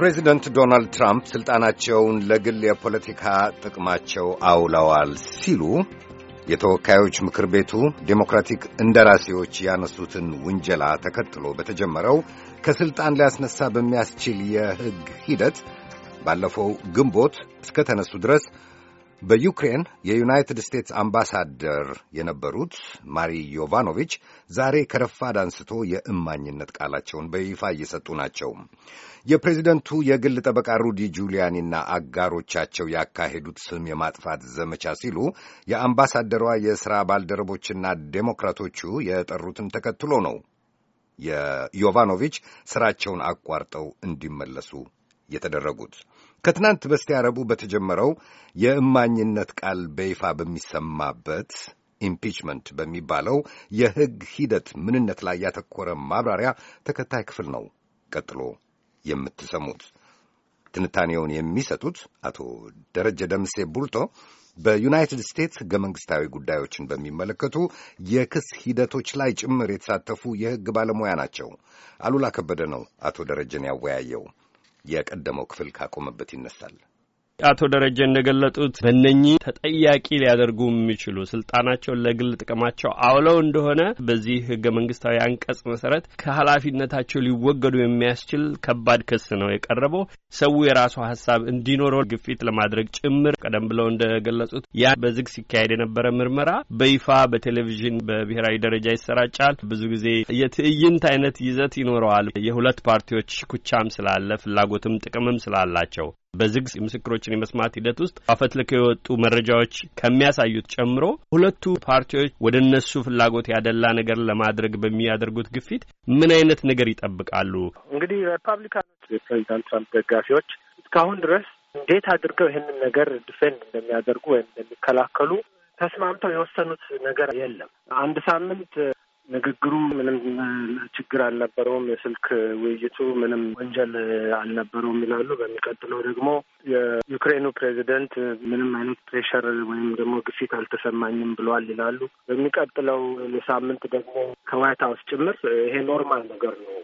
ፕሬዚደንት ዶናልድ ትራምፕ ሥልጣናቸውን ለግል የፖለቲካ ጥቅማቸው አውለዋል ሲሉ የተወካዮች ምክር ቤቱ ዴሞክራቲክ እንደራሴዎች ያነሱትን ውንጀላ ተከትሎ በተጀመረው ከሥልጣን ሊያስነሳ በሚያስችል የሕግ ሂደት ባለፈው ግንቦት እስከ ተነሱ ድረስ በዩክሬን የዩናይትድ ስቴትስ አምባሳደር የነበሩት ማሪ ዮቫኖቪች ዛሬ ከረፋድ አንስቶ የእማኝነት ቃላቸውን በይፋ እየሰጡ ናቸው። የፕሬዚደንቱ የግል ጠበቃ ሩዲ ጁሊያኒና አጋሮቻቸው ያካሄዱት ስም የማጥፋት ዘመቻ ሲሉ የአምባሳደሯ የሥራ ባልደረቦችና ዴሞክራቶቹ የጠሩትን ተከትሎ ነው የዮቫኖቪች ሥራቸውን አቋርጠው እንዲመለሱ የተደረጉት። ከትናንት በስቲያ ረቡዕ በተጀመረው የእማኝነት ቃል በይፋ በሚሰማበት ኢምፒችመንት በሚባለው የሕግ ሂደት ምንነት ላይ ያተኮረ ማብራሪያ ተከታይ ክፍል ነው ቀጥሎ የምትሰሙት። ትንታኔውን የሚሰጡት አቶ ደረጀ ደምሴ ቡልቶ በዩናይትድ ስቴትስ ሕገ መንግሥታዊ ጉዳዮችን በሚመለከቱ የክስ ሂደቶች ላይ ጭምር የተሳተፉ የሕግ ባለሙያ ናቸው። አሉላ ከበደ ነው አቶ ደረጀን ያወያየው። የቀደመው ክፍል ካቆመበት ይነሳል። አቶ ደረጀ እንደገለጡት በነኚህ ተጠያቂ ሊያደርጉ የሚችሉ ስልጣናቸውን ለግል ጥቅማቸው አውለው እንደሆነ በዚህ ህገ መንግስታዊ አንቀጽ መሰረት ከኃላፊነታቸው ሊወገዱ የሚያስችል ከባድ ክስ ነው የቀረበው። ሰው የራሱ ሀሳብ እንዲኖረው ግፊት ለማድረግ ጭምር ቀደም ብለው እንደገለጹት ያ በዝግ ሲካሄድ የነበረ ምርመራ በይፋ በቴሌቪዥን በብሔራዊ ደረጃ ይሰራጫል። ብዙ ጊዜ የትዕይንት አይነት ይዘት ይኖረዋል። የሁለት ፓርቲዎች ሽኩቻም ስላለ ፍላጎትም ጥቅምም ስላላቸው በዝግ ምስክሮችን የመስማት ሂደት ውስጥ አፈትልከው የወጡ መረጃዎች ከሚያሳዩት ጨምሮ ሁለቱ ፓርቲዎች ወደ እነሱ ፍላጎት ያደላ ነገር ለማድረግ በሚያደርጉት ግፊት ምን አይነት ነገር ይጠብቃሉ? እንግዲህ ሪፐብሊካኖች የፕሬዚዳንት ትራምፕ ደጋፊዎች እስካሁን ድረስ እንዴት አድርገው ይህንን ነገር ዲፌንድ እንደሚያደርጉ ወይም እንደሚከላከሉ ተስማምተው የወሰኑት ነገር የለም። አንድ ሳምንት ንግግሩ ምንም ችግር አልነበረውም። የስልክ ውይይቱ ምንም ወንጀል አልነበረውም ይላሉ። በሚቀጥለው ደግሞ የዩክሬኑ ፕሬዚደንት ምንም አይነት ፕሬሸር ወይም ደግሞ ግፊት አልተሰማኝም ብለዋል ይላሉ። በሚቀጥለው ሳምንት ደግሞ ከዋይት ሀውስ ጭምር ይሄ ኖርማል ነገር ነው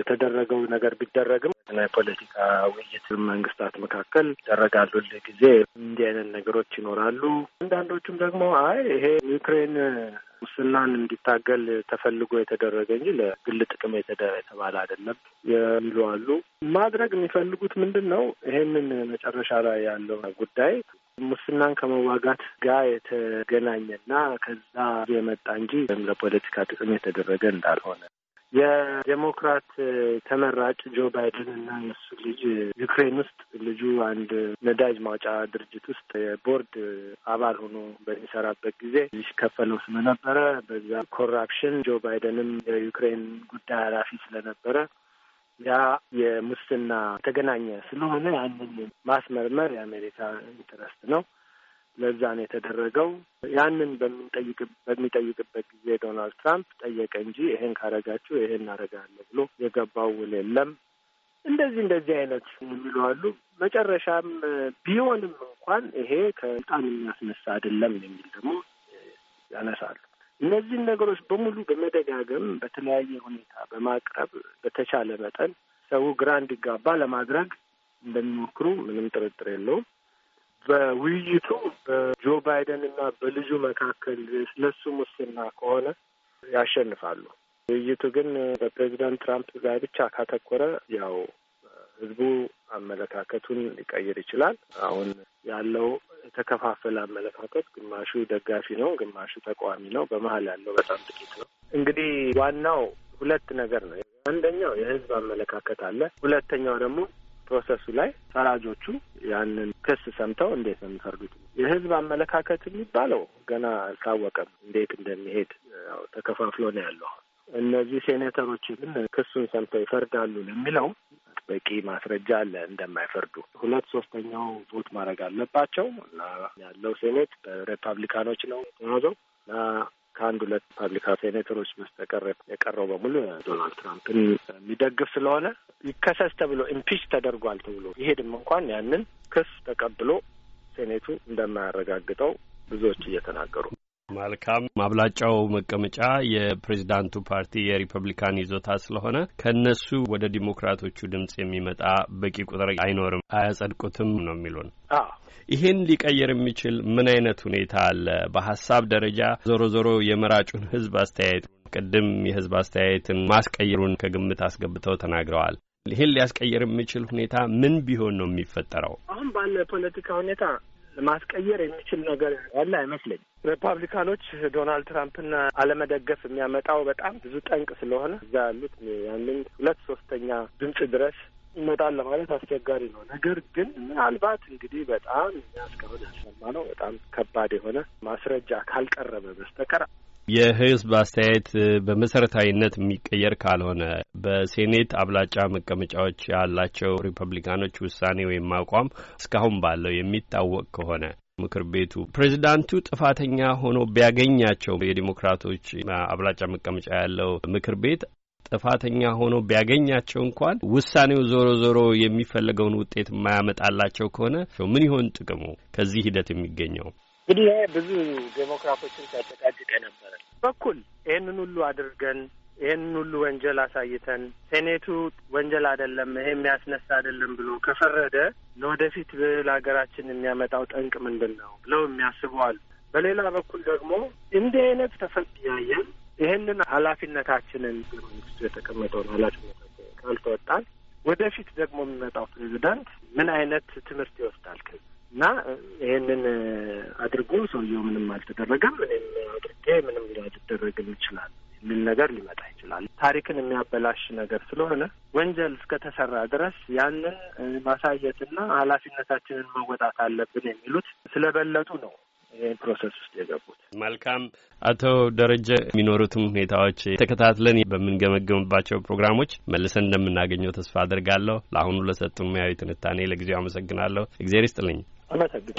የተደረገው ነገር ቢደረግም የፖለቲካ ውይይት መንግስታት መካከል ይደረጋሉ። ጊዜ እንዲህ አይነት ነገሮች ይኖራሉ። አንዳንዶቹም ደግሞ አይ ይሄ ዩክሬን ሙስናን እንዲታገል ተፈልጎ የተደረገ እንጂ ለግል ጥቅም የተባለ አይደለም የሚሉ አሉ። ማድረግ የሚፈልጉት ምንድን ነው? ይሄንን መጨረሻ ላይ ያለው ጉዳይ ሙስናን ከመዋጋት ጋር የተገናኘና ከዛ የመጣ እንጂ ለፖለቲካ ጥቅም የተደረገ እንዳልሆነ የዴሞክራት ተመራጭ ጆ ባይደን እና የእሱ ልጅ ዩክሬን ውስጥ ልጁ አንድ ነዳጅ ማውጫ ድርጅት ውስጥ የቦርድ አባል ሆኖ በሚሰራበት ጊዜ ሲከፈለው ስለነበረ በዛ ኮራፕሽን ጆ ባይደንም የዩክሬን ጉዳይ ኃላፊ ስለነበረ ያ የሙስና የተገናኘ ስለሆነ ያንን ማስመርመር የአሜሪካ ኢንትረስት ነው። ለዛ ነው የተደረገው። ያንን በሚጠይቅበት ጊዜ ዶናልድ ትራምፕ ጠየቀ እንጂ ይሄን ካረጋችሁ ይሄን እናረጋለሁ ብሎ የገባው ውል የለም። እንደዚህ እንደዚህ አይነት የሚሉ አሉ። መጨረሻም ቢሆንም እንኳን ይሄ ከስልጣን የሚያስነሳ አይደለም የሚል ደግሞ ያነሳሉ። እነዚህን ነገሮች በሙሉ በመደጋገም በተለያየ ሁኔታ በማቅረብ በተቻለ መጠን ሰው ግራ እንዲጋባ ለማድረግ እንደሚሞክሩ ምንም ጥርጥር የለውም። በውይይቱ በጆ ባይደን እና በልጁ መካከል ስለሱ ሙስና ከሆነ ያሸንፋሉ። ውይይቱ ግን በፕሬዚዳንት ትራምፕ ላይ ብቻ ካተኮረ ያው ህዝቡ አመለካከቱን ሊቀይር ይችላል። አሁን ያለው የተከፋፈለ አመለካከት ግማሹ ደጋፊ ነው፣ ግማሹ ተቃዋሚ ነው። በመሀል ያለው በጣም ጥቂት ነው። እንግዲህ ዋናው ሁለት ነገር ነው። አንደኛው የህዝብ አመለካከት አለ። ሁለተኛው ደግሞ ፕሮሰሱ ላይ ፈራጆቹ ያንን ክስ ሰምተው እንዴት ነው የሚፈርዱት? የህዝብ አመለካከት የሚባለው ገና አልታወቀም፣ እንዴት እንደሚሄድ ተከፋፍሎ ነው ያለው። እነዚህ ሴኔተሮች ግን ክሱን ሰምተው ይፈርዳሉ ለሚለው በቂ ማስረጃ አለ እንደማይፈርዱ። ሁለት ሶስተኛው ቦት ማድረግ አለባቸው እና ያለው ሴኔት በሪፐብሊካኖች ነው ተያዘው እና ከአንድ ሁለት ሪፐብሊካን ሴኔተሮች መስተቀር የቀረው በሙሉ ዶናልድ ትራምፕን የሚደግፍ ስለሆነ ይከሰስ ተብሎ ኢምፒች ተደርጓል ተብሎ ይሄድም እንኳን ያንን ክስ ተቀብሎ ሴኔቱ እንደማያረጋግጠው ብዙዎች እየተናገሩ መልካም ማብላጫው መቀመጫ የፕሬዚዳንቱ ፓርቲ የሪፐብሊካን ይዞታ ስለሆነ ከእነሱ ወደ ዲሞክራቶቹ ድምጽ የሚመጣ በቂ ቁጥር አይኖርም፣ አያጸድቁትም ነው የሚሉን። ይህን ሊቀየር የሚችል ምን አይነት ሁኔታ አለ? በሀሳብ ደረጃ ዞሮ ዞሮ የመራጩን ህዝብ አስተያየት ቅድም የህዝብ አስተያየትን ማስቀየሩን ከግምት አስገብተው ተናግረዋል። ይህን ሊያስቀየር የሚችል ሁኔታ ምን ቢሆን ነው የሚፈጠረው? አሁን ባለ ፖለቲካ ሁኔታ ማስቀየር የሚችል ነገር ያለ አይመስለኝም። ሪፐብሊካኖች ዶናልድ ትራምፕን አለመደገፍ የሚያመጣው በጣም ብዙ ጠንቅ ስለሆነ እዛ ያሉት ያንን ሁለት ሶስተኛ ድምፅ ድረስ ይመጣል ለማለት አስቸጋሪ ነው። ነገር ግን ምናልባት እንግዲህ በጣም የሚያስከብድ ያሰማ ነው። በጣም ከባድ የሆነ ማስረጃ ካልቀረበ በስተቀር የህዝብ አስተያየት በመሰረታዊነት የሚቀየር ካልሆነ በሴኔት አብላጫ መቀመጫዎች ያላቸው ሪፐብሊካኖች ውሳኔ ወይም አቋም እስካሁን ባለው የሚታወቅ ከሆነ ምክር ቤቱ ፕሬዚዳንቱ ጥፋተኛ ሆኖ ቢያገኛቸው የዲሞክራቶች አብላጫ መቀመጫ ያለው ምክር ቤት ጥፋተኛ ሆኖ ቢያገኛቸው እንኳን ውሳኔው ዞሮ ዞሮ የሚፈለገውን ውጤት የማያመጣላቸው ከሆነ ምን ይሆን ጥቅሙ ከዚህ ሂደት የሚገኘው? እንግዲህ ይሄ ብዙ ዴሞክራቶችን ሲያጨቃጭቅ ነበረ በኩል ይህንን ሁሉ አድርገን ይህንን ሁሉ ወንጀል አሳይተን ሴኔቱ ወንጀል አይደለም ይሄ የሚያስነሳ አይደለም ብሎ ከፈረደ ለወደፊት ለሀገራችን የሚያመጣው ጠንቅ ምንድን ነው ብለው የሚያስቡ አሉ። በሌላ በኩል ደግሞ እንዲህ አይነት ተፈጥ ያየን ይህንን ኃላፊነታችንን መንግስቱ የተቀመጠውን ኃላፊነታችንን ካልተወጣን ወደፊት ደግሞ የሚመጣው ፕሬዚዳንት ምን አይነት ትምህርት ይወስዳል ከዚህ እና ይህንን አድርጎ ሰውየው ምንም አልተደረገም፣ እኔም አድርጌ ምንም ሊያልደረግም ይችላል የሚል ነገር ሊመጣ ይችላል። ታሪክን የሚያበላሽ ነገር ስለሆነ ወንጀል እስከተሰራ ድረስ ያንን ማሳየትና ኃላፊነታችንን መወጣት አለብን የሚሉት ስለበለጡ ነው ይህን ፕሮሰስ ውስጥ የገቡት። መልካም አቶ ደረጀ፣ የሚኖሩትም ሁኔታዎች ተከታትለን በምንገመገምባቸው ፕሮግራሞች መልሰን እንደምናገኘው ተስፋ አድርጋለሁ። ለአሁኑ ለሰጡ ሙያዊ ትንታኔ ለጊዜው አመሰግናለሁ። እግዜር ይስጥልኝ። አመሰግናል።